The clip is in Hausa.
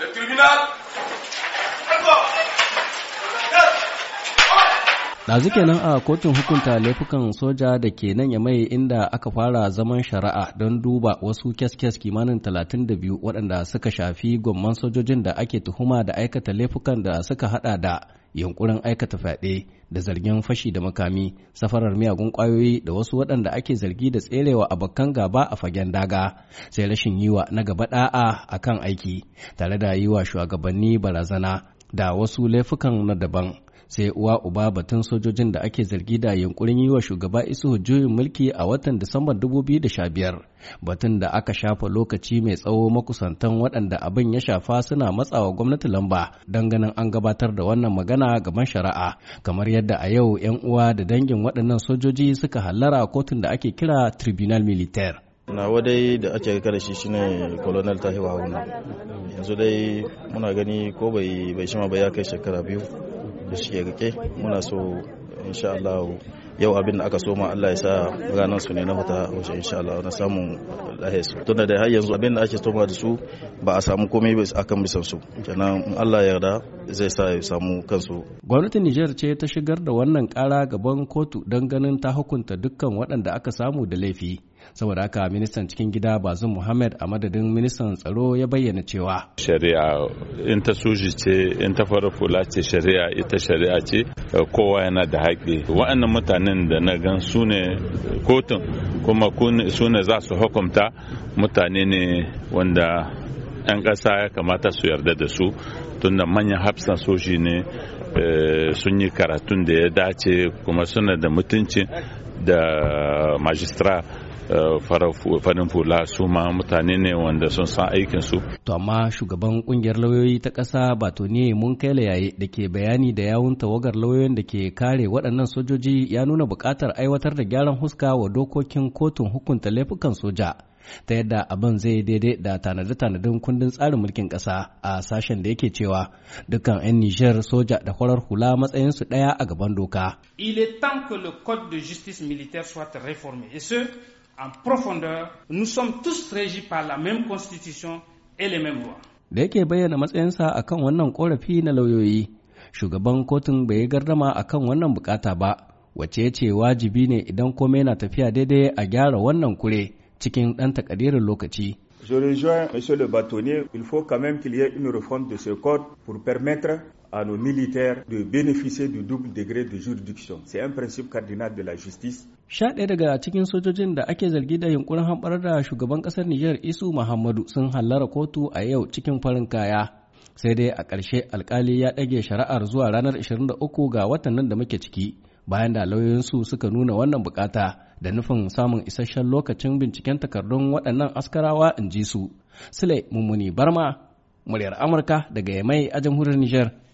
da tribunal Ɗazu kenan a kotun hukunta laifukan soja da ke nan ya mai inda aka fara zaman shari'a don duba wasu kyaskyas kimanin 32 waɗanda suka shafi gomman sojojin da ake tuhuma da aikata laifukan da suka hada da yunkurin aikata fyaɗe da zargin fashi da makami safarar miyagun ƙwayoyi da wasu waɗanda ake zargi da tserewa abokan gaba a fagen daga sai rashin yiwa na gaba ɗa'a a kan aiki tare da yiwa shugabanni barazana da wasu laifukan na daban sai uwa uba batun sojojin da ake zargi da yunkurin yi wa shugaba isu juyin mulki a watan disambar 2015 batun da aka shafa lokaci mai tsawo makusantan waɗanda abin ya shafa suna matsawa gwamnati lamba don ganin an gabatar da wannan magana gaban shari'a kamar yadda a yau 'yan uwa da dangin waɗannan sojoji suka hallara kotun da ake kira tribunal militaire nawa dai da ake kada shi shine colonel tahiwa haruna yanzu dai muna gani ko bai shima ba ya kai shekara biyu da shi rike muna so insha Allah yau abin da aka soma Allah ya sa ranar su ne na fita wace insha Allah na samu lahiyar su tunda da har yanzu abin da ake soma da su ba a samu komai ba akan bisan su kenan in Allah ya yarda zai sa ya samu kansu gwamnatin Nijar ce ta shigar da wannan kara gaban kotu don ganin ta hukunta dukkan waɗanda aka samu da laifi saboda haka ministan cikin gida bazum muhammad a madadin ministan tsaro ya bayyana cewa shari'a in ta suji ce in ta fara fula ce shari'a ita shari'a ce kowa yana da haƙi wa'annan mutanen da na gan su ne kotun kuma su ne za su hukumta mutane ne wanda 'yan ƙasa ya kamata su yarda da su tunda manyan hafsan soji ne eh, sun yi karatun da ya dace kuma suna da mutunci da majistra Eh, farin fula su ma mutane ne wanda sun san aikin su. To amma shugaban kungiyar lauyoyi ta ƙasa ne mun kai yaye da ke bayani da yawun tawagar lauyoyin da ke kare waɗannan sojoji ya nuna buƙatar aiwatar da gyaran huska wa dokokin kotun hukunta laifukan soja. ta yadda abin zai yi daidai da tanade-tanadin kundin tsarin mulkin ƙasa a sashen da yake cewa dukkan 'yan Nijar soja da kwarar hula matsayinsu ɗaya a gaban doka. Il est temps que le code de justice militaire soit réformé et ce en profondeur, nous sommes tous régis par la même constitution et les mêmes lois. Da yake bayyana matsayinsa a kan wannan korafi na lauyoyi, shugaban kotun bai yi gardama a kan wannan bukata ba, wace ce wajibi ne idan komai na tafiya daidai a gyara wannan kure cikin ɗan takadirin lokaci. Je rejoins Monsieur le bâtonnier, il faut quand même qu'il y ait une réforme de ce code pour permettre à nos militaires de bénéficier du double degré de juridiction. C'est un principe cardinal de la justice. Sha ɗaya daga cikin sojojin da ake zargi da yunkurin hamɓar da shugaban ƙasar Nijar Isu Muhammadu sun hallara kotu a yau cikin farin kaya. Sai dai a ƙarshe alƙali ya ɗage shari'ar zuwa ranar 23 ga watan nan da muke ciki bayan da lauyoyinsu suka nuna wannan buƙata. da nufin samun isasshen lokacin binciken takardun waɗannan askarawa in ji su. Sule Mummuni Barma, muryar Amurka daga Yamai a jamhuriyar Nijar.